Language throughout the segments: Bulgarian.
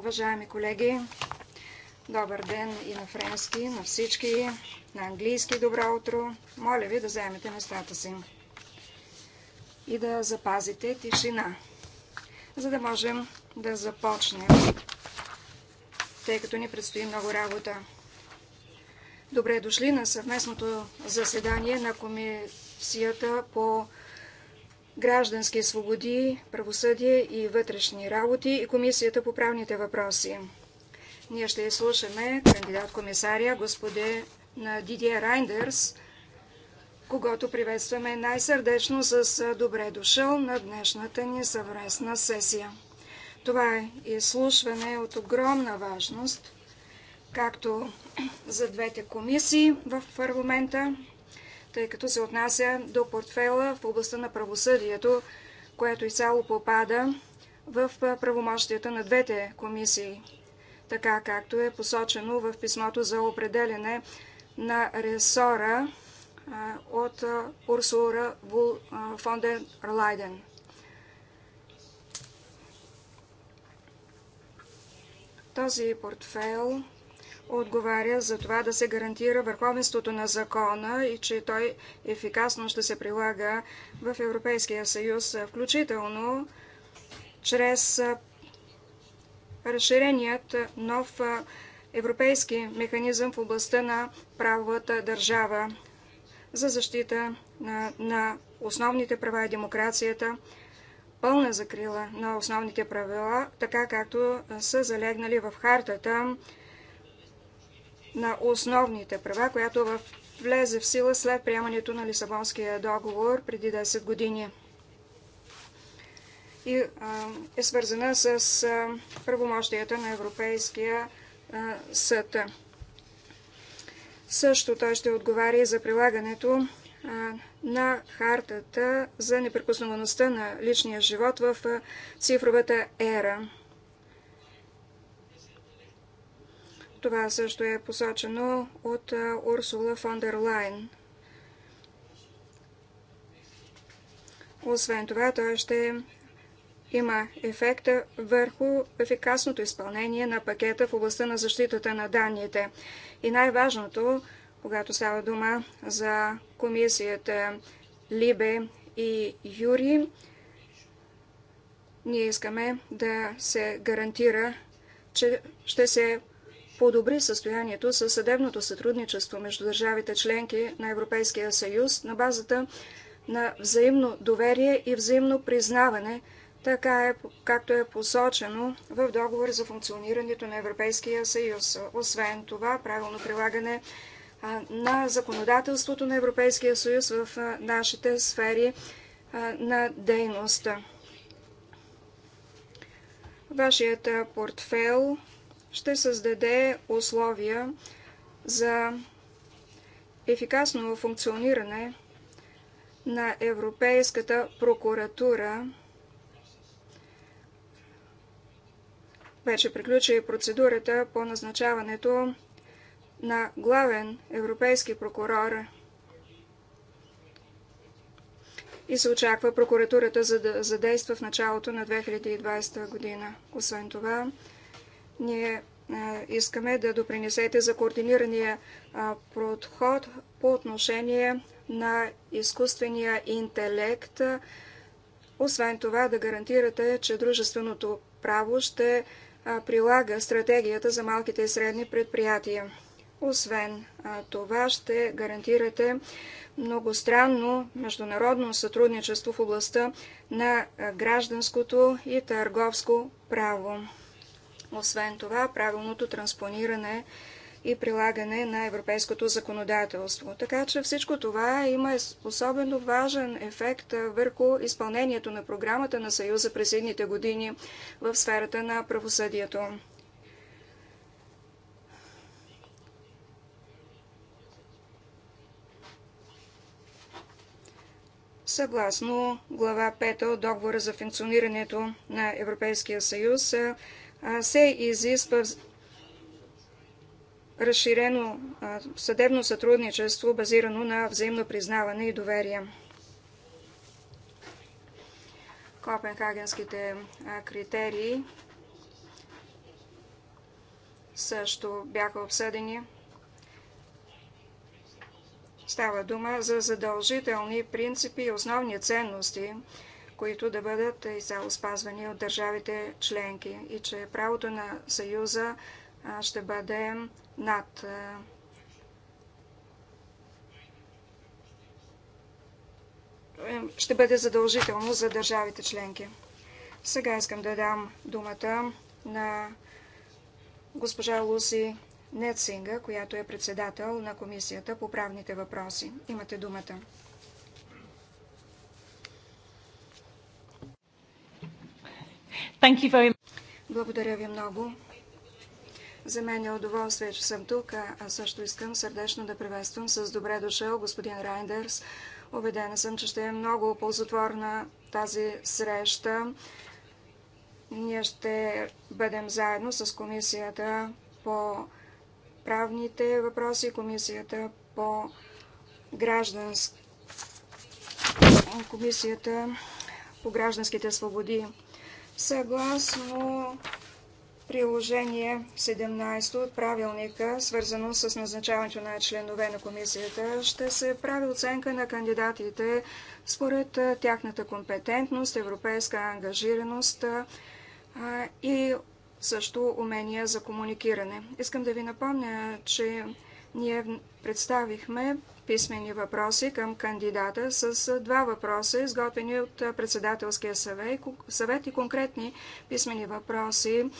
Уважаеми колеги, добър ден и на френски, на всички, на английски добро утро. Моля ви да заемете местата си и да запазите тишина, за да можем да започнем, тъй като ни предстои много работа. Добре дошли на съвместното заседание на Комисията по граждански свободи, правосъдие и вътрешни работи и Комисията по правните въпроси. Ние ще изслушаме кандидат-комисаря господин Дидия Райндерс, когато приветстваме най-сърдечно с добре дошъл на днешната ни съвместна сесия. Това е изслушване от огромна важност, както за двете комисии в парламента, тъй като се отнася до портфела в областта на правосъдието, което изцяло попада в правомощията на двете комисии, така както е посочено в писмото за определене на ресора от Урсура фон дер Лайден. Този портфел отговаря за това да се гарантира върховенството на закона и че той ефикасно ще се прилага в Европейския съюз, включително чрез разширеният нов европейски механизъм в областта на правовата държава за защита на, на основните права и демокрацията, пълна закрила на основните правила, така както са залегнали в хартата на основните права, която влезе в сила след приемането на Лисабонския договор преди 10 години и е свързана с правомощията на Европейския съд. Също той ще отговаря и за прилагането на хартата за неприкосновеността на личния живот в цифровата ера. Това също е посочено от Урсула фон дер Лайн. Освен това, той ще има ефекта върху ефикасното изпълнение на пакета в областта на защитата на данните. И най-важното, когато става дума за комисията Либе и Юри, ние искаме да се гарантира, че ще се подобри състоянието със съдебното сътрудничество между държавите членки на Европейския съюз на базата на взаимно доверие и взаимно признаване, така е, както е посочено в договор за функционирането на Европейския съюз. Освен това, правилно прилагане на законодателството на Европейския съюз в нашите сфери на дейност. Вашият портфел ще създаде условия за ефикасно функциониране на Европейската прокуратура. Вече приключи процедурата по назначаването на главен европейски прокурор и се очаква прокуратурата за да задейства в началото на 2020 година. Освен това, ние искаме да допринесете за координирания подход по отношение на изкуствения интелект. Освен това да гарантирате, че дружественото право ще прилага стратегията за малките и средни предприятия. Освен това ще гарантирате многостранно международно сътрудничество в областта на гражданското и търговско право. Освен това, правилното транспониране и прилагане на европейското законодателство. Така че всичко това има особено важен ефект върху изпълнението на програмата на Съюза през едните години в сферата на правосъдието. Съгласно глава 5 от договора за функционирането на Европейския съюз, се изисква разширено съдебно сътрудничество, базирано на взаимно признаване и доверие. Копенхагенските критерии също бяха обсъдени. Става дума за задължителни принципи и основни ценности – които да бъдат изцяло спазвани от държавите членки и че правото на Съюза ще бъде над ще бъде задължително за държавите членки. Сега искам да дам думата на госпожа Луси Нецинга, която е председател на Комисията по правните въпроси. Имате думата. Thank you very Благодаря ви много. За мен е удоволствие, че съм тук, а също искам сърдечно да приветствам с добре дошъл господин Райндерс. Обедена съм, че ще е много ползотворна тази среща. Ние ще бъдем заедно с комисията по правните въпроси, комисията по граждански, комисията по гражданските свободи съгласно приложение 17 от правилника, свързано с назначаването на членове на комисията, ще се прави оценка на кандидатите според тяхната компетентност, европейска ангажираност и също умения за комуникиране. Искам да ви напомня, че ние представихме писмени въпроси към кандидата с два въпроса, изготвени от председателския съвет и конкретни писмени въпроси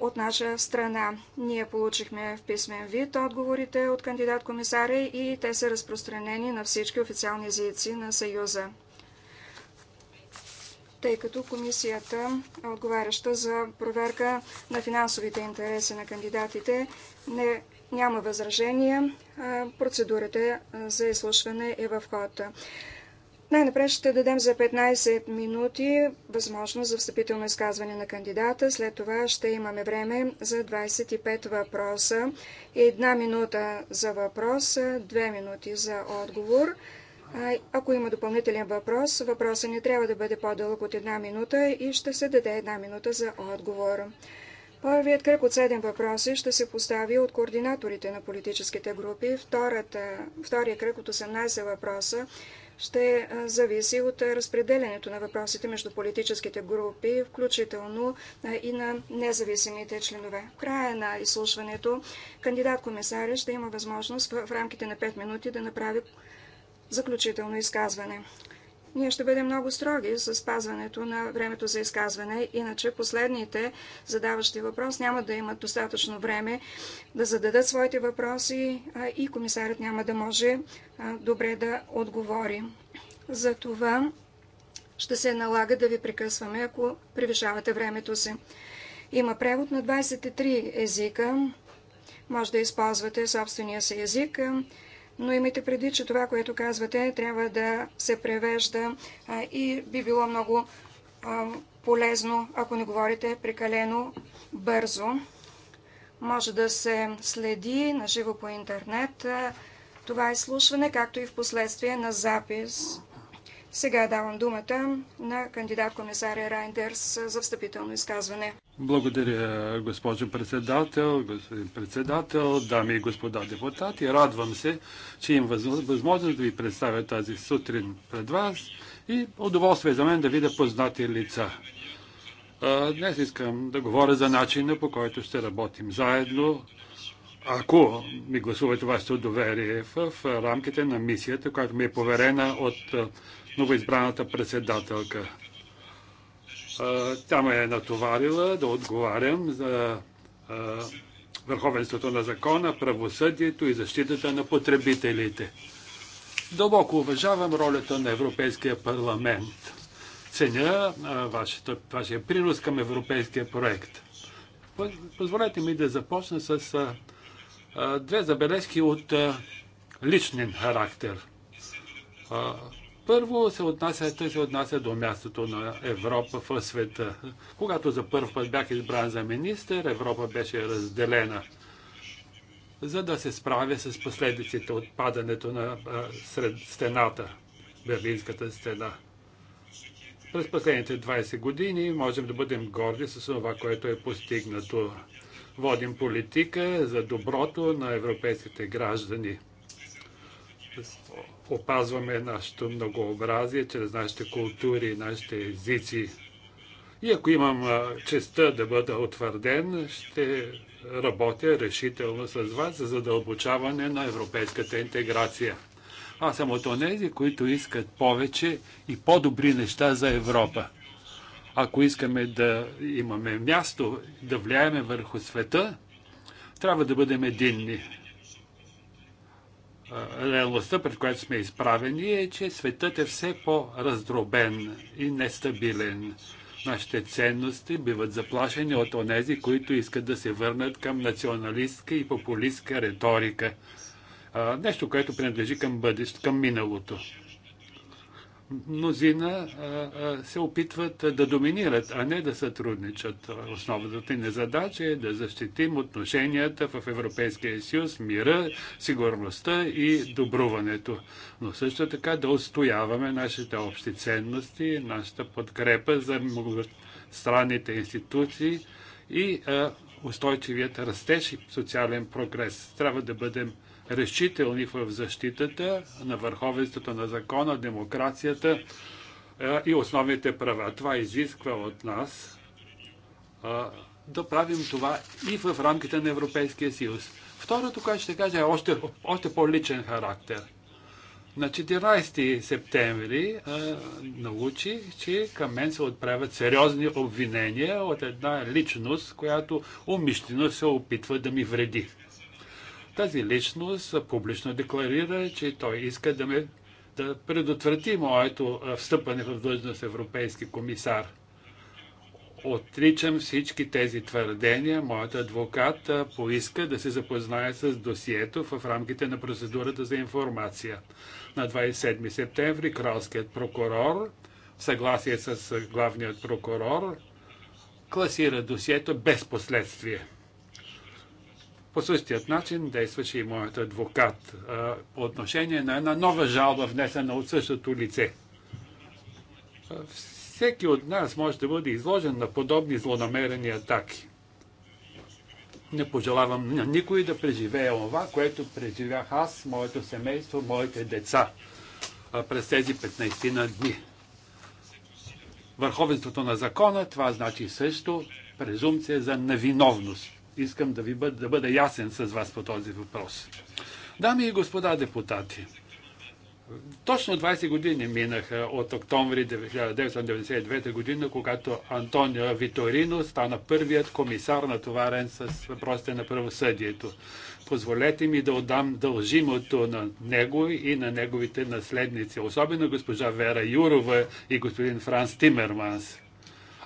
от наша страна. Ние получихме в писмен вид отговорите от кандидат-комисаря и те са разпространени на всички официални езици на Съюза. Тъй като комисията, отговаряща за проверка на финансовите интереси на кандидатите, не няма възражения. Процедурата за изслушване е в ход. Най-напред ще дадем за 15 минути възможност за встъпително изказване на кандидата. След това ще имаме време за 25 въпроса. Една минута за въпрос, две минути за отговор. Ако има допълнителен въпрос, въпросът не трябва да бъде по-дълъг от една минута и ще се даде една минута за отговор. Първият кръг от седем въпроси ще се постави от координаторите на политическите групи. Втората, втория кръг от 18 въпроса ще зависи от разпределенето на въпросите между политическите групи, включително и на независимите членове. В края на изслушването кандидат-комисаря ще има възможност в рамките на 5 минути да направи заключително изказване. Ние ще бъдем много строги за спазването на времето за изказване, иначе последните задаващи въпрос няма да имат достатъчно време да зададат своите въпроси и комисарят няма да може добре да отговори. За това ще се налага да ви прекъсваме, ако превишавате времето си. Има превод на 23 езика. Може да използвате собствения си език но имайте преди, че това, което казвате, трябва да се превежда и би било много полезно, ако не говорите прекалено бързо. Може да се следи наживо по интернет това изслушване, както и в последствие на запис. Сега давам думата на кандидат комисаря Райндерс за встъпително изказване. Благодаря, госпожо председател, господин председател, дами и господа депутати. Радвам се, че имам възможност да ви представя тази сутрин пред вас и удоволствие за мен да видя познати лица. Днес искам да говоря за начина по който ще работим заедно, ако ми гласувате вашето доверие в рамките на мисията, която ми е поверена от новоизбраната председателка. Тя ме е натоварила да отговарям за върховенството на закона, правосъдието и защитата на потребителите. Дълбоко уважавам ролята на Европейския парламент. Ценя вашето, вашия принос към европейския проект. Позволете ми да започна с а, две забележки от а, личен характер. А, първо се отнася, се отнася до мястото на Европа в света. Когато за първ път бях избран за министър, Европа беше разделена за да се справя с последиците от падането на а, сред стената, Берлинската стена. През последните 20 години можем да бъдем горди с това, което е постигнато. Водим политика за доброто на европейските граждани опазваме нашето многообразие чрез нашите култури и нашите езици. И ако имам честа да бъда утвърден, ще работя решително с вас за задълбочаване на европейската интеграция. Аз съм от онези, които искат повече и по-добри неща за Европа. Ако искаме да имаме място, да влияеме върху света, трябва да бъдем единни реалността, пред която сме изправени, е, че светът е все по-раздробен и нестабилен. Нашите ценности биват заплашени от онези, които искат да се върнат към националистка и популистка риторика. Нещо, което принадлежи към бъдещето, към миналото мнозина се опитват да доминират, а не да сътрудничат. Основната ни задача е да защитим отношенията в Европейския съюз, мира, сигурността и добруването. Но също така да устояваме нашите общи ценности, нашата подкрепа за странните институции и устойчивият растеж и социален прогрес. Трябва да бъдем решителни в защитата на върховенството на закона, демокрацията и основните права. Това изисква от нас да правим това и в рамките на Европейския съюз. Второто, което ще кажа, е още, още по-личен характер. На 14 септември е, научи, че към мен се отправят сериозни обвинения от една личност, която умишлено се опитва да ми вреди. Тази личност публично декларира, че той иска да ме да предотврати моето встъпване в длъжност европейски комисар. Отричам всички тези твърдения. Моят адвокат поиска да се запознае с досието в рамките на процедурата за информация. На 27 септември кралският прокурор, в съгласие с главният прокурор, класира досието без последствие. По същият начин действаше и моят адвокат а, по отношение на една нова жалба, внесена от същото лице. А, всеки от нас може да бъде изложен на подобни злонамерени атаки. Не пожелавам на никой да преживее това, което преживях аз, моето семейство, моите деца а, през тези 15 на дни. Върховенството на закона, това значи също презумпция за невиновност искам да ви бъд, да бъда ясен с вас по този въпрос. Дами и господа депутати, точно 20 години минаха от октомври 1992 година, когато Антонио Виторино стана първият комисар натоварен с въпросите на правосъдието. Позволете ми да отдам дължимото на него и на неговите наследници, особено госпожа Вера Юрова и господин Франс Тимерманс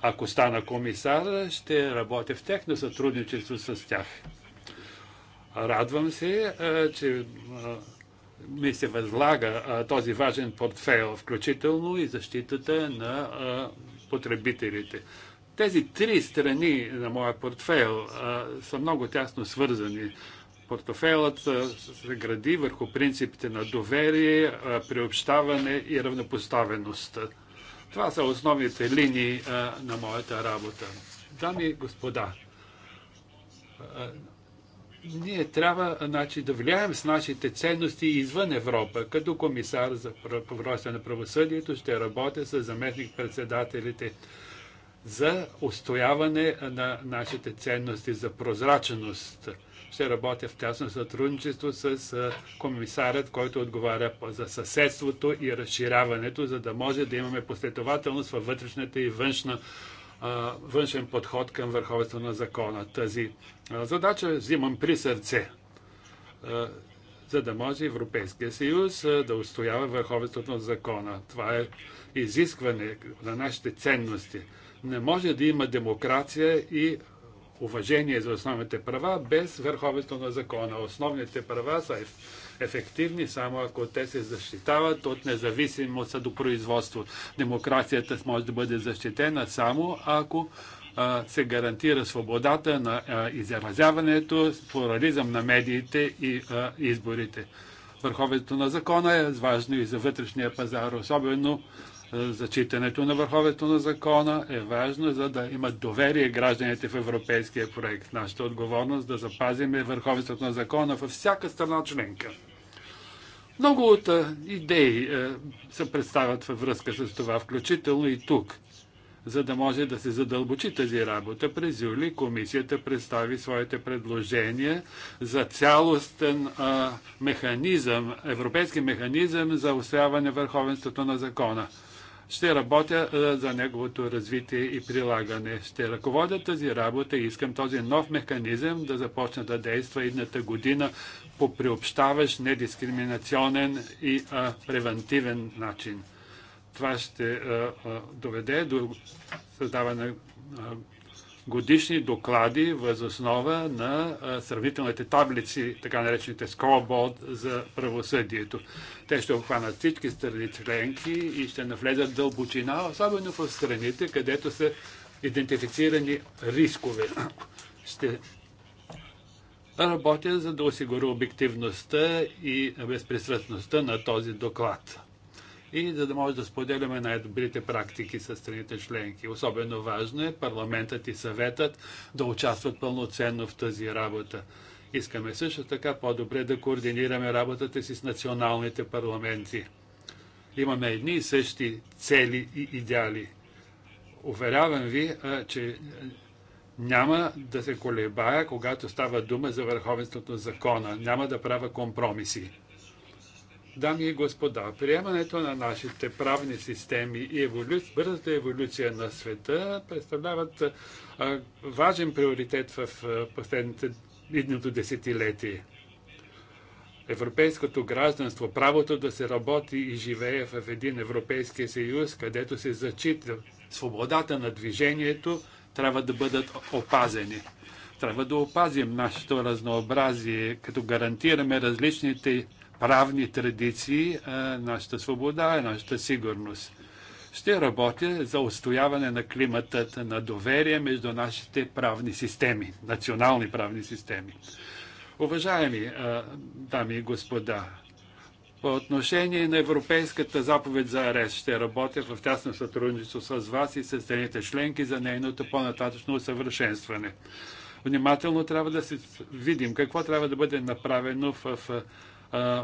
ако стана комисар, ще работя в техно сътрудничество с тях. Радвам се, че ми се възлага този важен портфейл, включително и защитата на потребителите. Тези три страни на моя портфейл са много тясно свързани. Портфейлът се гради върху принципите на доверие, приобщаване и равнопоставеност. Това са основните линии а, на моята работа. Дами и господа, а, ние трябва значи, да влияем с нашите ценности извън Европа. Като комисар за повръща на правосъдието ще работя с заместник-председателите за устояване на нашите ценности за прозрачност, ще работя в тясно сътрудничество с комисарят, който отговаря за съседството и разширяването, за да може да имаме последователност във вътрешната и външна външен подход към върховенство на закона. Тази задача взимам при сърце, за да може Европейския съюз да устоява върховенството на закона. Това е изискване на нашите ценности. Не може да има демокрация и уважение за основните права без върховенство на закона. Основните права са ефективни само ако те се защитават от независимост до производство. Демокрацията може да бъде защитена само ако се гарантира свободата на изразяването, плурализъм на медиите и изборите. Върховенството на закона е важно и за вътрешния пазар, особено е, зачитането на върховето на закона е важно, за да имат доверие гражданите в европейския проект. Нашата отговорност е да запазим е върховенството на закона във всяка страна членка. Много от е, идеи се представят във връзка с това, включително и тук. За да може да се задълбочи тази работа, през юли комисията представи своите предложения за цялостен а, механизъм, европейски механизъм за усвояване върховенството на закона ще работя е, за неговото развитие и прилагане. Ще ръководя тази работа и искам този нов механизъм да започне да действа едната година по приобщаващ, недискриминационен и а, е, превентивен начин. Това ще а, е, а, доведе до създаване годишни доклади въз основа на сравнителните таблици, така наречените скорборд за правосъдието. Те ще обхванат всички страни членки и ще навлезат дълбочина, особено в страните, където са идентифицирани рискове. Ще работя, за да осигуря обективността и безпристрастността на този доклад и за да може да споделяме най-добрите практики с страните членки. Особено важно е парламентът и съветът да участват пълноценно в тази работа. Искаме също така по-добре да координираме работата си с националните парламенти. Имаме едни и същи цели и идеали. Уверявам ви, че няма да се колебая, когато става дума за върховенството на закона. Няма да правя компромиси. Дами и господа, приемането на нашите правни системи и еволю... бързата еволюция на света представляват важен приоритет в последните едното десетилетие. Европейското гражданство, правото да се работи и живее в един Европейски съюз, където се зачита свободата на движението, трябва да бъдат опазени. Трябва да опазим нашето разнообразие, като гарантираме различните правни традиции, нашата свобода и нашата сигурност. Ще работя за устояване на климатът на доверие между нашите правни системи, национални правни системи. Уважаеми дами и господа, по отношение на Европейската заповед за арест ще работя в тясно сътрудничество с вас и с страните членки за нейното по-нататъчно усъвършенстване. Внимателно трябва да се видим какво трябва да бъде направено в, в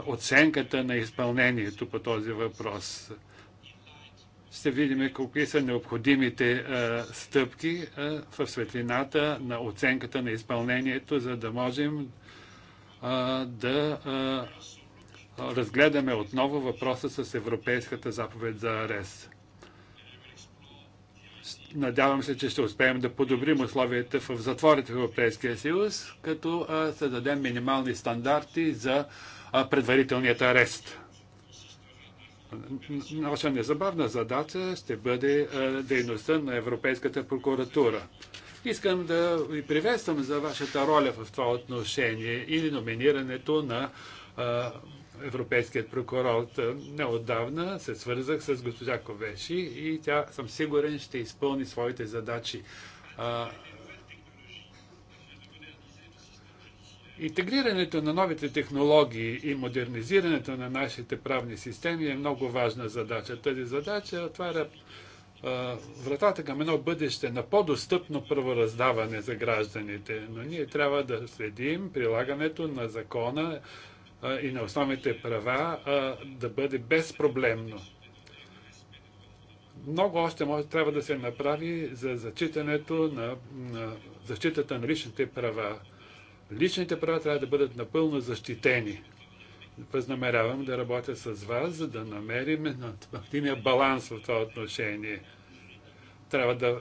оценката на изпълнението по този въпрос. Ще видим какви са необходимите стъпки в светлината на оценката на изпълнението, за да можем да разгледаме отново въпроса с Европейската заповед за арест. Надявам се, че ще успеем да подобрим условията в затворите в Европейския съюз, като създадем минимални стандарти за предварителният арест. Наша незабавна задача ще бъде дейността на Европейската прокуратура. Искам да ви приветствам за вашата роля в това отношение и номинирането на европейският прокурор. Неотдавна се свързах с госпожа Ковеши и тя, съм сигурен, ще изпълни своите задачи Интегрирането на новите технологии и модернизирането на нашите правни системи е много важна задача. Тази задача отваря а, вратата към едно бъдеще на по-достъпно правораздаване за гражданите. Но ние трябва да следим прилагането на закона а, и на основните права а, да бъде безпроблемно. Много още може, трябва да се направи за зачитането на, на защитата на личните права Личните права трябва да бъдат напълно защитени. Възнамерявам да работя с вас, за да намерим активния баланс в това отношение. Трябва да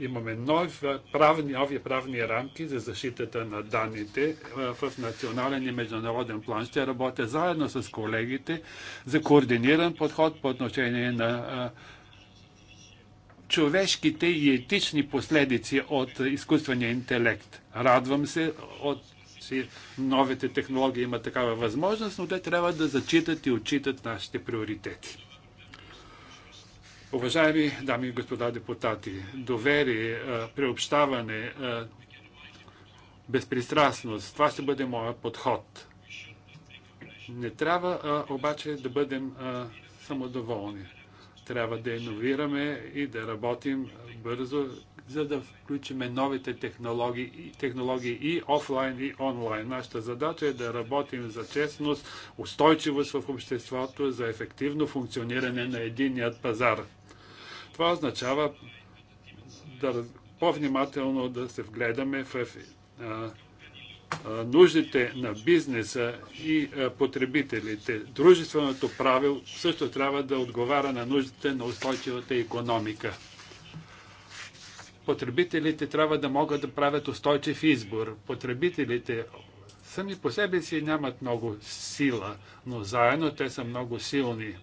имаме правни, нови правни рамки за защитата на данните в национален и международен план. Ще работя заедно с колегите за координиран подход по отношение на човешките и етични последици от изкуствения интелект. Радвам се, от, че новите технологии имат такава възможност, но те трябва да зачитат и отчитат нашите приоритети. Уважаеми дами и господа депутати, доверие, е, приобщаване, е, безпристрастност, това ще бъде моят подход. Не трябва обаче да бъдем самодоволни трябва да иновираме и да работим бързо, за да включиме новите технологии, технологии и офлайн, и онлайн. Нашата задача е да работим за честност, устойчивост в обществото, за ефективно функциониране на единият пазар. Това означава да по-внимателно да се вгледаме в нуждите на бизнеса и потребителите. Дружественото правило също трябва да отговаря на нуждите на устойчивата економика. Потребителите трябва да могат да правят устойчив избор. Потребителите сами по себе си нямат много сила, но заедно те са много силни.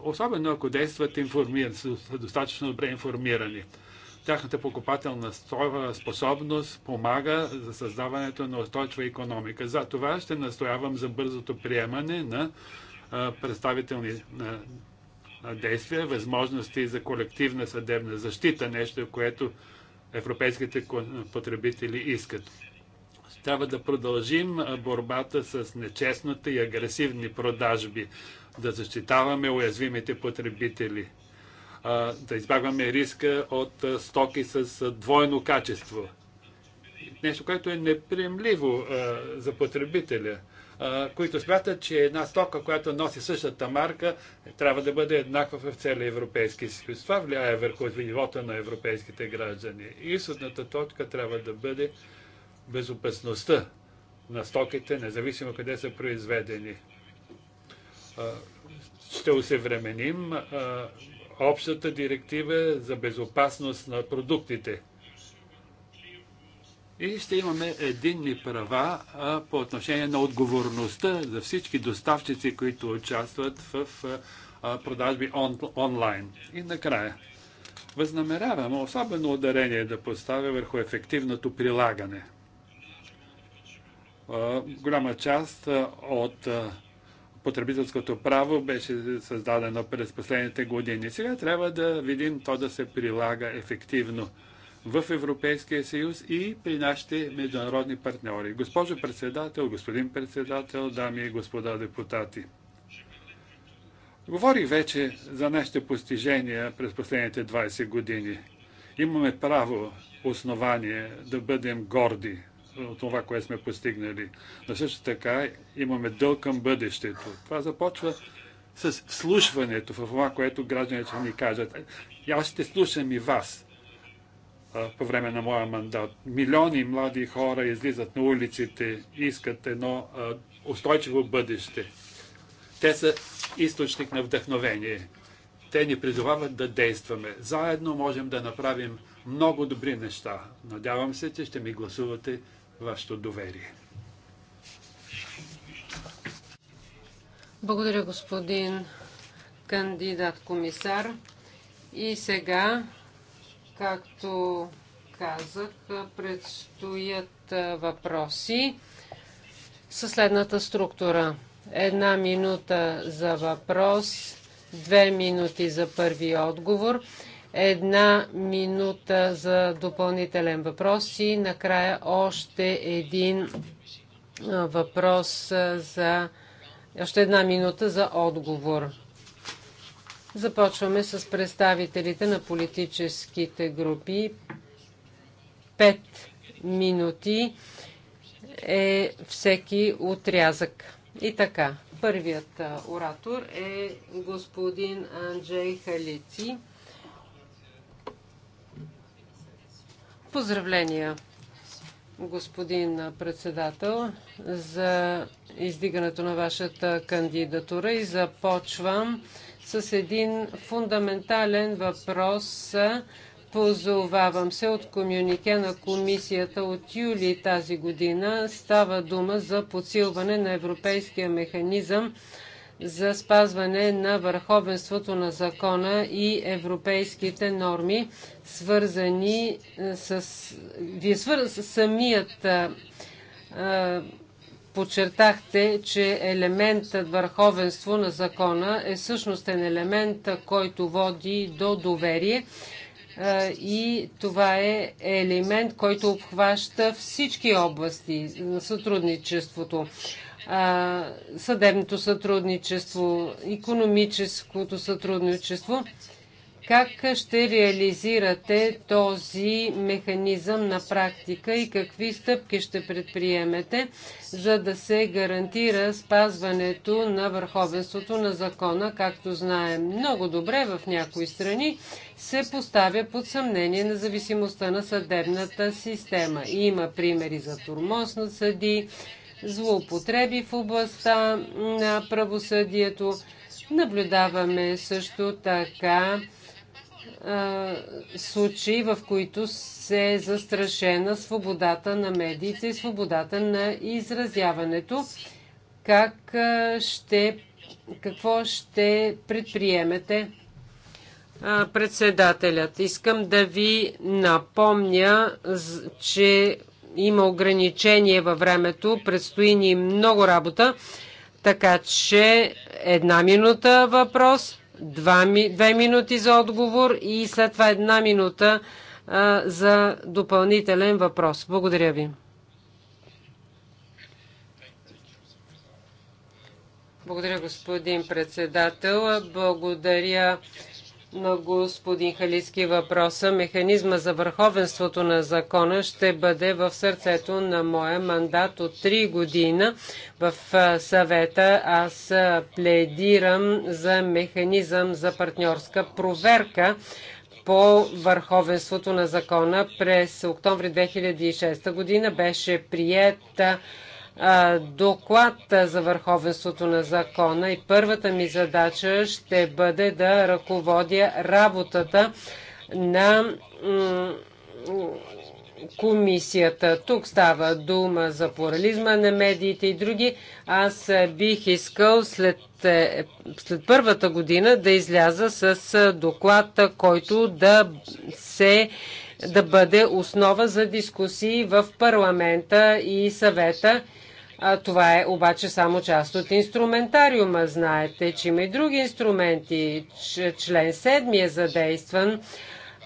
Особено ако действат информирани, са достатъчно добре информирани. Тяхната покупателна способност помага за създаването на устойчива економика. За това ще настоявам за бързото приемане на представителни действия, възможности за колективна съдебна защита, нещо, което европейските потребители искат. Трябва да продължим борбата с нечестните и агресивни продажби, да защитаваме уязвимите потребители да избягваме риска от стоки с двойно качество. Нещо, което е неприемливо за потребителя, които смятат, че една стока, която носи същата марка, трябва да бъде еднаква в целия Европейски съюз. Това влияе върху живота на европейските граждани. Изходната точка трябва да бъде безопасността на стоките, независимо къде са произведени. Ще усъвременим общата директива за безопасност на продуктите. И ще имаме единни права а, по отношение на отговорността за всички доставчици, които участват в а, продажби он, онлайн. И накрая. Възнамеряваме особено ударение да поставя върху ефективното прилагане. А, голяма част от потребителското право беше създадено през последните години. Сега трябва да видим то да се прилага ефективно в Европейския съюз и при нашите международни партньори. Госпожо председател, господин председател, дами и господа депутати. Говорих вече за нашите постижения през последните 20 години. Имаме право, основание да бъдем горди това, което сме постигнали. Но също така имаме дълг към бъдещето. Това започва с слушването в това, което гражданите ни кажат. аз ще слушам и вас по време на моя мандат. Милиони млади хора излизат на улиците и искат едно устойчиво бъдеще. Те са източник на вдъхновение. Те ни призовават да действаме. Заедно можем да направим много добри неща. Надявам се, че ще ми гласувате вашето доверие. Благодаря, господин кандидат комисар. И сега, както казах, предстоят въпроси със следната структура. Една минута за въпрос, две минути за първи отговор една минута за допълнителен въпрос и накрая още един въпрос за още една минута за отговор. Започваме с представителите на политическите групи. Пет минути е всеки отрязък. И така, първият оратор е господин Анджей Халици. Поздравления, господин председател, за издигането на вашата кандидатура и започвам с един фундаментален въпрос. Позовавам се от комюнике на комисията от юли тази година. Става дума за подсилване на европейския механизъм за спазване на върховенството на закона и европейските норми, свързани е, с... Вие свър... самият е, е, подчертахте, че елементът върховенство на закона е същностен елемент, който води до доверие и това е елемент, който обхваща всички области на сътрудничеството съдебното сътрудничество, економическото сътрудничество. Как ще реализирате този механизъм на практика и какви стъпки ще предприемете, за да се гарантира спазването на върховенството на закона? Както знаем много добре, в някои страни се поставя под съмнение на зависимостта на съдебната система. Има примери за турмоз на съди, злоупотреби в областта на правосъдието. Наблюдаваме също така случаи, в които се е застрашена свободата на медиите и свободата на изразяването. Как ще, какво ще предприемете? председателят. Искам да ви напомня, че има ограничение във времето, предстои ни много работа, така че една минута въпрос, два, две минути за отговор и след това една минута а, за допълнителен въпрос. Благодаря ви. Благодаря, господин председател. Благодаря на господин Халиски въпроса. Механизма за върховенството на закона ще бъде в сърцето на моя мандат от 3 година в съвета. Аз пледирам за механизъм за партньорска проверка по върховенството на закона през октомври 2006 година беше приета доклад за върховенството на закона и първата ми задача ще бъде да ръководя работата на комисията. Тук става дума за плурализма на медиите и други. Аз бих искал след, е, след първата година да изляза с доклад, който да се да бъде основа за дискусии в парламента и съвета а това е обаче само част от инструментариума. Знаете, че има и други инструменти. Член 7 е задействан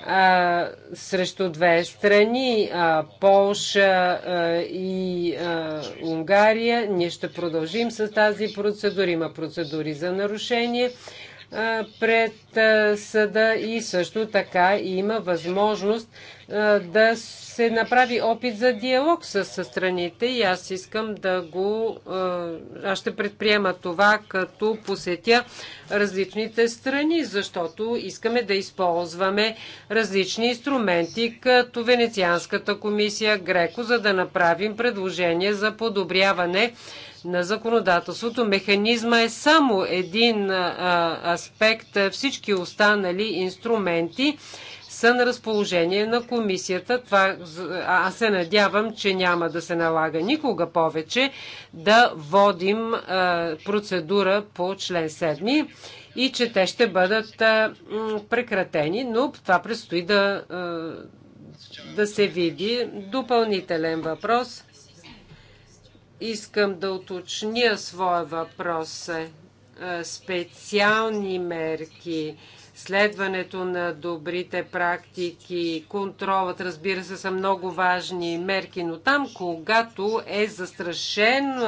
а, срещу две страни а, Полша а, и а, Унгария. Ние ще продължим с тази процедура. Има процедури за нарушение пред съда и също така има възможност да се направи опит за диалог с страните и аз искам да го... Аз ще предприема това, като посетя различните страни, защото искаме да използваме различни инструменти, като Венецианската комисия, Греко, за да направим предложение за подобряване на законодателството. Механизма е само един аспект. Всички останали инструменти са на разположение на комисията. Това, аз се надявам, че няма да се налага никога повече да водим процедура по член 7 и че те ще бъдат а, прекратени, но това предстои да, а, да се види. Допълнителен въпрос. Искам да уточня своя въпрос. Е, е, специални мерки, следването на добрите практики, контролът, разбира се, са много важни мерки, но там, когато е застрашен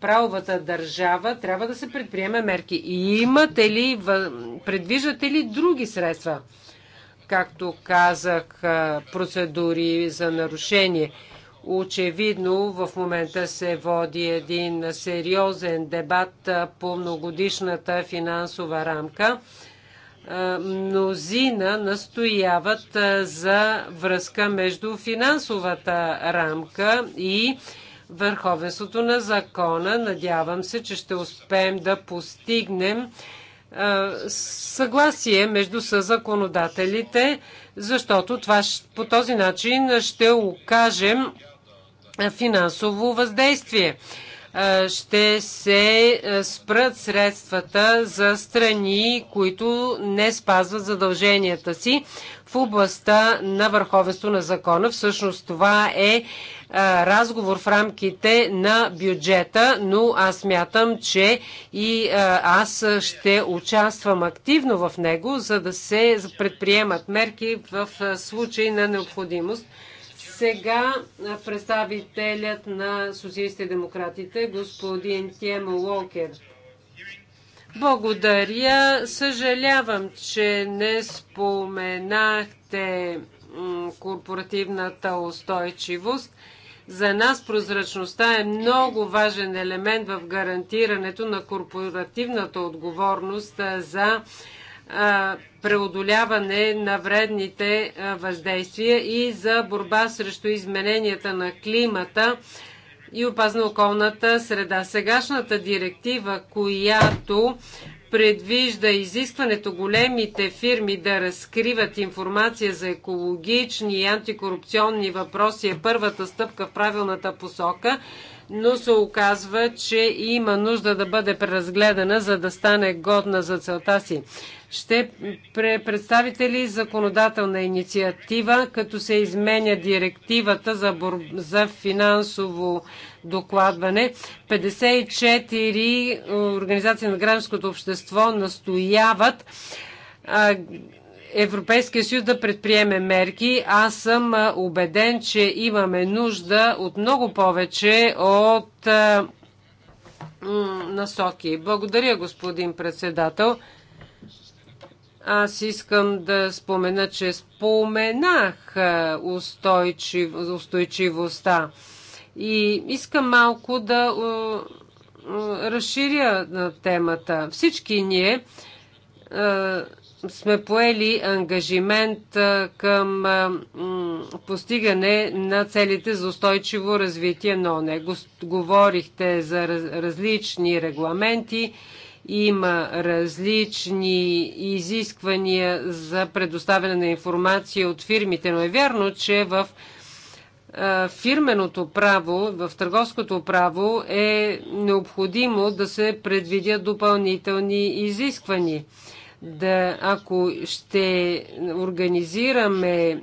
правовата държава, трябва да се предприеме мерки. И имате ли, предвиждате ли други средства? Както казах, е, процедури за нарушение – Очевидно в момента се води един сериозен дебат по многодишната финансова рамка. Мнозина настояват за връзка между финансовата рамка и върховенството на закона. Надявам се, че ще успеем да постигнем съгласие между съзаконодателите, защото това, по този начин ще окажем финансово въздействие. Е, ще се е, спрат средствата за страни, които не спазват задълженията си в областта на върховенство на закона. Всъщност това е, е разговор в рамките на бюджета, но аз мятам, че и аз ще участвам активно в него, за да се предприемат мерки в случай на необходимост. Сега представителят на социалистите демократите, господин Тиемо Уокер. Благодаря. Съжалявам, че не споменахте корпоративната устойчивост. За нас прозрачността е много важен елемент в гарантирането на корпоративната отговорност за преодоляване на вредните въздействия и за борба срещу измененията на климата и опазна околната среда. Сегашната директива, която предвижда изискването големите фирми да разкриват информация за екологични и антикорупционни въпроси е първата стъпка в правилната посока, но се оказва, че има нужда да бъде преразгледана, за да стане годна за целта си. Ще представите ли законодателна инициатива, като се изменя директивата за, борб... за финансово докладване? 54 е, организации на гражданското общество настояват Европейския съюз да предприеме мерки. Аз съм убеден, че имаме нужда от много повече от насоки. Благодаря, господин председател. Аз искам да спомена, че споменах устойчив, устойчивостта. И искам малко да разширя темата. Всички ние сме поели ангажимент към постигане на целите за устойчиво развитие на ОНЕ. Говорихте за различни регламенти, има различни изисквания за предоставяне на информация от фирмите, но е вярно, че в фирменото право, в търговското право е необходимо да се предвидят допълнителни изисквания да, ако ще организираме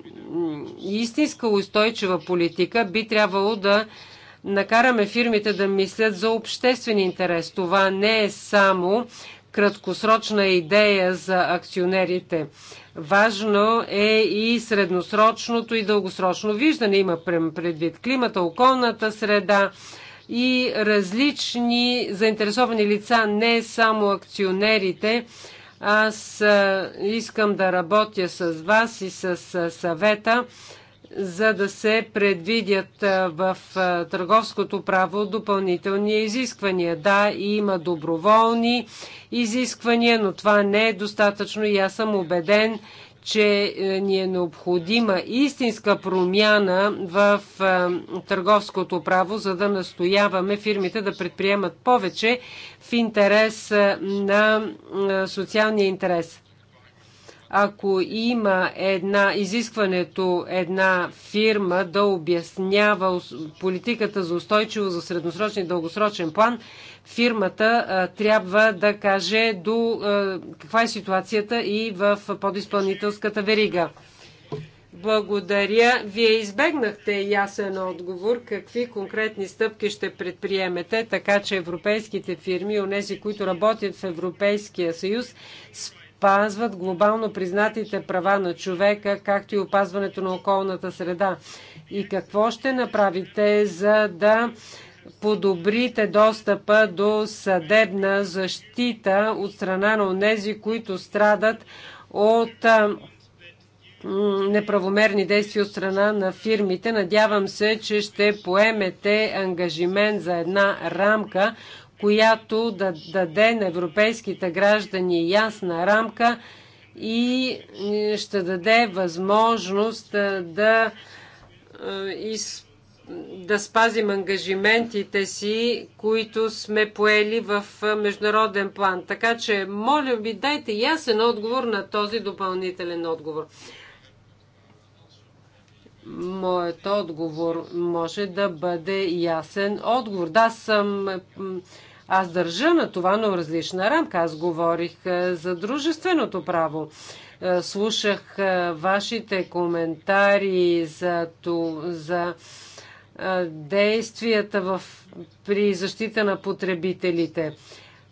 истинска устойчива политика, би трябвало да накараме фирмите да мислят за обществен интерес. Това не е само краткосрочна идея за акционерите. Важно е и средносрочното и дългосрочно виждане. Има предвид климата, околната среда и различни заинтересовани лица, не само акционерите, аз искам да работя с вас и с съвета, за да се предвидят в търговското право допълнителни изисквания. Да, има доброволни изисквания, но това не е достатъчно и аз съм убеден, че е, ни е необходима истинска промяна в е, търговското право, за да настояваме фирмите да предприемат повече в интерес е, на социалния интерес ако има една изискването една фирма да обяснява политиката за устойчиво за средносрочен и дългосрочен план, фирмата а, трябва да каже до а, каква е ситуацията и в подизпълнителската верига. Благодаря. Вие избегнахте ясен отговор. Какви конкретни стъпки ще предприемете, така че европейските фирми онези, които работят в Европейския съюз, опазват глобално признатите права на човека, както и опазването на околната среда? И какво ще направите, за да подобрите достъпа до съдебна защита от страна на тези, които страдат от неправомерни действия от страна на фирмите. Надявам се, че ще поемете ангажимент за една рамка, която да даде на европейските граждани ясна рамка и е, ще даде възможност е, да, е, да спазим ангажиментите си, които сме поели в международен план. Така че, моля ви, дайте ясен отговор на този допълнителен отговор. Моят отговор може да бъде ясен отговор. Да, съм аз държа на това, но различна рамка. Аз говорих е, за дружественото право. Е, слушах е, вашите коментари за, ту, за действията в, при защита на потребителите.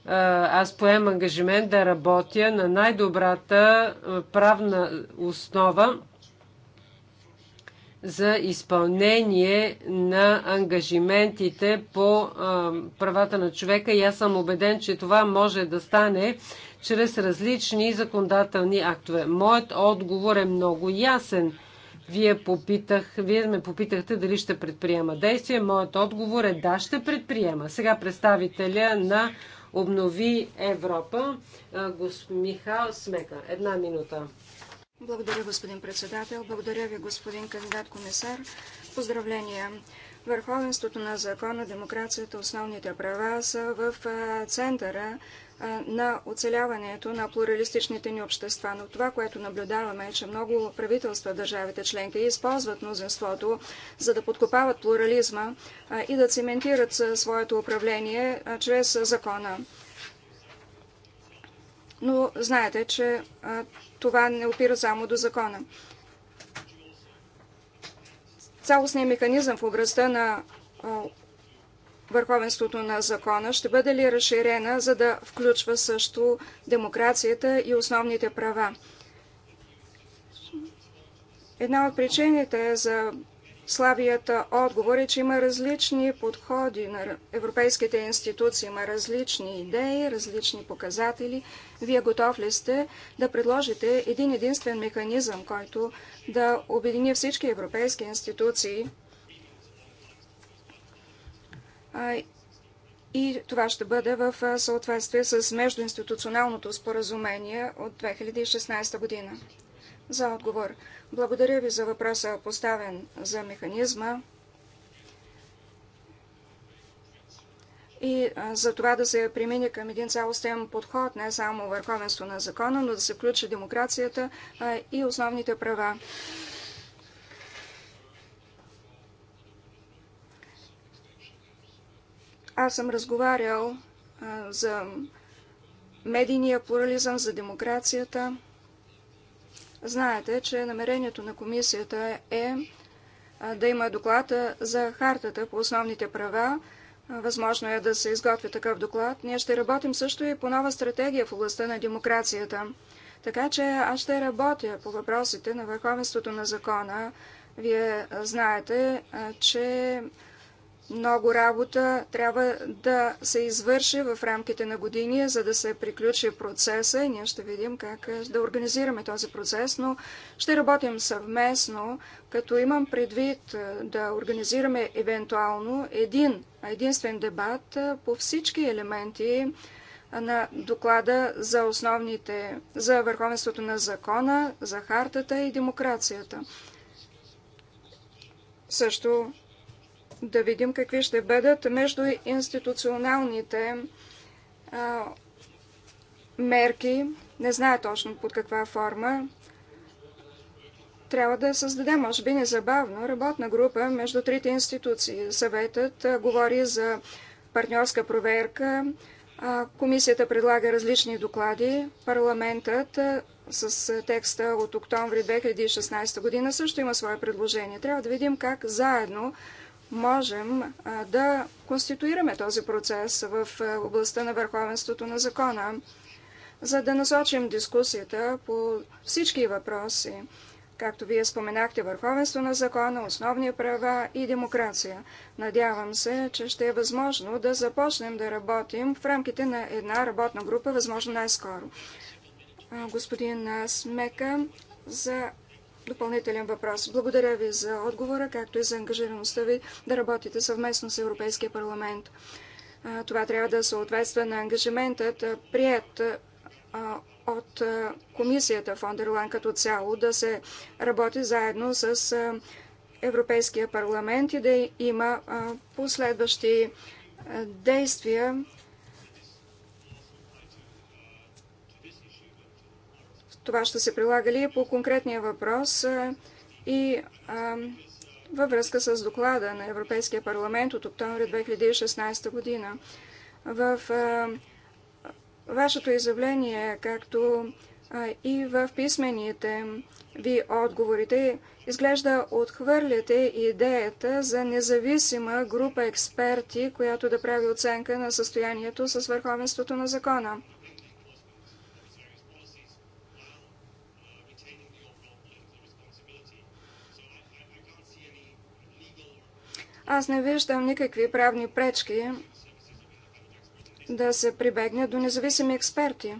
Аз поем ангажимент да работя на най-добрата правна основа, за изпълнение на ангажиментите по правата на човека и аз съм убеден, че това може да стане чрез различни законодателни актове. Моят отговор е много ясен. Вие, попитах, вие ме попитахте дали ще предприема действие. Моят отговор е да, ще предприема. Сега представителя на Обнови Европа, господин Михал Смека. Една минута. Благодаря, господин председател. Благодаря ви, господин кандидат комисар. Поздравления! Върховенството на закона, демокрацията, основните права са в центъра на оцеляването на плуралистичните ни общества. Но това, което наблюдаваме е, че много правителства в държавите членки използват мнозинството, за да подкопават плурализма и да цементират своето управление чрез закона но знаете, че това не опира само до закона. Цялостният механизъм в образта на върховенството на закона ще бъде ли разширена, за да включва също демокрацията и основните права? Една от причините за Слабият отговор е, че има различни подходи на европейските институции, има различни идеи, различни показатели. Вие готов ли сте да предложите един единствен механизъм, който да обедини всички европейски институции? И това ще бъде в съответствие с междуинституционалното споразумение от 2016 година за отговор. Благодаря ви за въпроса, поставен за механизма и за това да се премине към един цялостен подход, не само върховенство на закона, но да се включи демокрацията и основните права. Аз съм разговарял за медийния плурализъм, за демокрацията. Знаете, че намерението на комисията е да има доклад за хартата по основните права. Възможно е да се изготви такъв доклад. Ние ще работим също и по нова стратегия в областта на демокрацията. Така че аз ще работя по въпросите на върховенството на закона. Вие знаете, че много работа трябва да се извърши в рамките на години, за да се приключи процеса и ние ще видим как е, да организираме този процес, но ще работим съвместно, като имам предвид е, да организираме евентуално един единствен дебат е, по всички елементи на доклада за основните, за върховенството на закона, за хартата и демокрацията. Също да видим какви ще бъдат между институционалните а, мерки. Не знае точно под каква форма. Трябва да създадем, може би незабавно, работна група между трите институции. Съветът а, говори за партньорска проверка, а, комисията предлага различни доклади, парламентът а, с текста от октомври 2016 година също има свое предложение. Трябва да видим как заедно можем да конституираме този процес в областта на върховенството на закона, за да насочим дискусията по всички въпроси, както вие споменахте, върховенство на закона, основни права и демокрация. Надявам се, че ще е възможно да започнем да работим в рамките на една работна група, възможно най-скоро. Господин Смека за допълнителен въпрос. Благодаря ви за отговора, както и за ангажираността ви да работите съвместно с Европейския парламент. Това трябва да съответства на ангажиментът, прият от комисията Фондерлан като цяло, да се работи заедно с Европейския парламент и да има последващи действия Това ще се прилага ли е по конкретния въпрос и във връзка с доклада на Европейския парламент от октомври 2016 година. В вашето изявление, както и в писмените ви отговорите, изглежда отхвърляте идеята за независима група експерти, която да прави оценка на състоянието с върховенството на закона. Аз не виждам никакви правни пречки да се прибегне до независими експерти.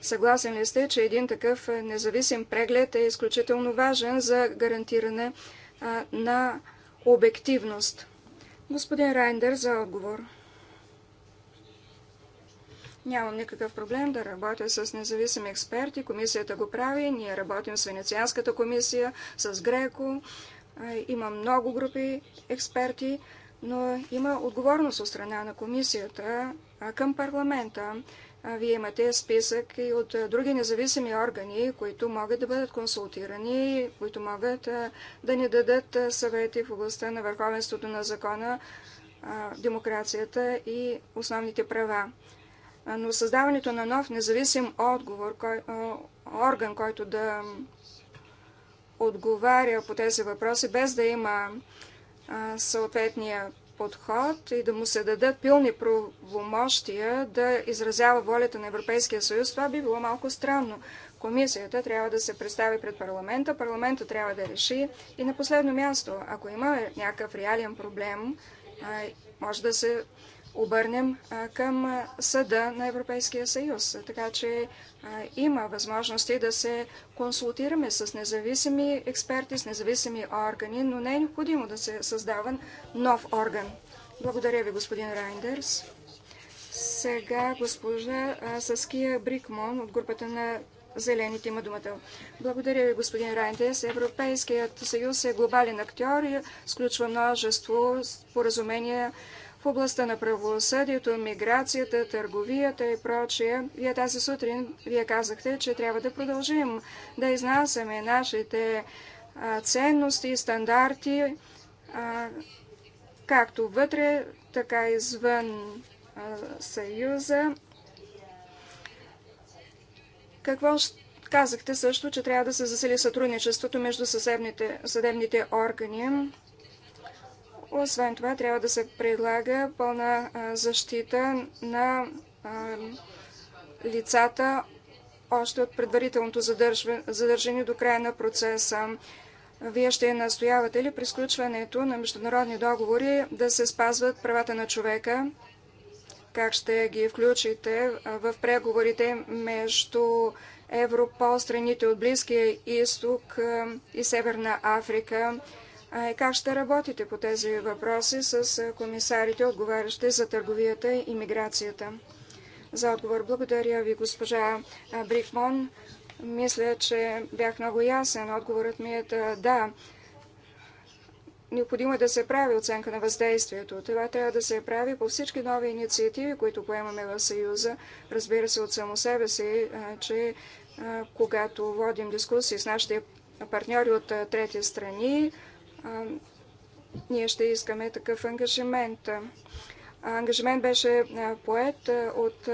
Съгласен ли сте, че един такъв независим преглед е изключително важен за гарантиране на обективност? Господин Райндер за отговор. Нямам никакъв проблем да работя с независими експерти. Комисията го прави. Ние работим с Венецианската комисия, с Греко, има много групи експерти, но има отговорност от страна на комисията към парламента. Вие имате списък и от други независими органи, които могат да бъдат консултирани, които могат да ни дадат съвети в областта на върховенството на закона, демокрацията и основните права. Но създаването на нов независим отговор, кой, орган, който да отговаря по тези въпроси, без да има а, съответния подход и да му се дадат пилни правомощия да изразява волята на Европейския съюз, това би било малко странно. Комисията трябва да се представи пред парламента, парламента трябва да реши и на последно място, ако има някакъв реален проблем, а, може да се обърнем към съда на Европейския съюз. Така че има възможности да се консултираме с независими експерти, с независими органи, но не е необходимо да се създава нов орган. Благодаря ви, господин Райндерс. Сега госпожа Саския Брикмон от групата на Зелените има думата. Благодаря ви, господин Райндес. Европейският съюз е глобален актьор и сключва множество споразумения областта на правосъдието, миграцията, търговията и прочие. Вие тази сутрин, вие казахте, че трябва да продължим да изнасяме нашите ценности и стандарти, както вътре, така и извън Съюза. Какво казахте също, че трябва да се засили сътрудничеството между съдебните органи освен това, трябва да се предлага пълна защита на лицата още от предварителното задържане до края на процеса. Вие ще настоявате ли при сключването на международни договори да се спазват правата на човека? Как ще ги включите в преговорите между Европол, страните от Близкия изток и Северна Африка? как ще работите по тези въпроси с комисарите, отговарящи за търговията и миграцията. За отговор благодаря ви, госпожа Брикмон. Мисля, че бях много ясен. Отговорът ми е да. Необходимо е да се прави оценка на въздействието. Това трябва да се прави по всички нови инициативи, които поемаме в Съюза. Разбира се от само себе си, че когато водим дискусии с нашите партньори от трети страни, ние ще искаме такъв ангажимент. Ангажимент беше поет от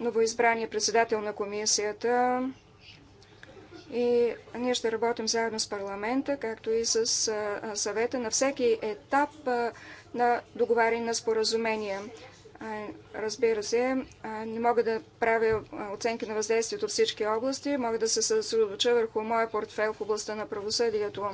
новоизбрания председател на комисията и ние ще работим заедно с парламента, както и с съвета на всеки етап на договаряне на споразумения. Разбира се, не мога да правя оценки на въздействието в всички области, мога да се съсредоточа върху моя портфел в областта на правосъдието.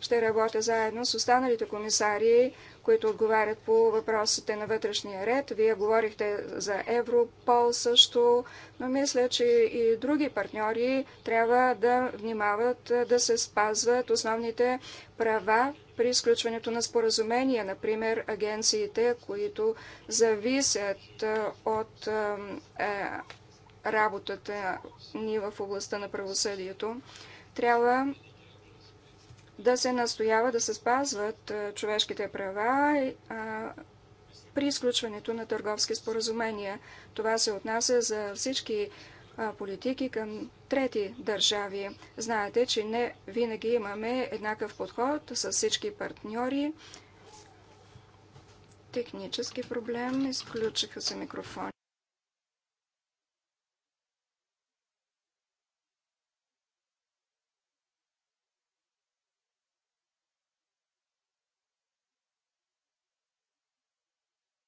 Ще работя заедно с останалите комисари, които отговарят по въпросите на вътрешния ред. Вие говорихте за Европол също, но мисля, че и други партньори трябва да внимават да се спазват основните права при изключването на споразумения, например агенциите, които зависят от е, работата ни в областта на правосъдието. Трябва да се настоява да се спазват човешките права при изключването на търговски споразумения. Това се отнася за всички политики към трети държави. Знаете, че не винаги имаме еднакъв подход с всички партньори. Технически проблем. Изключиха се микрофони.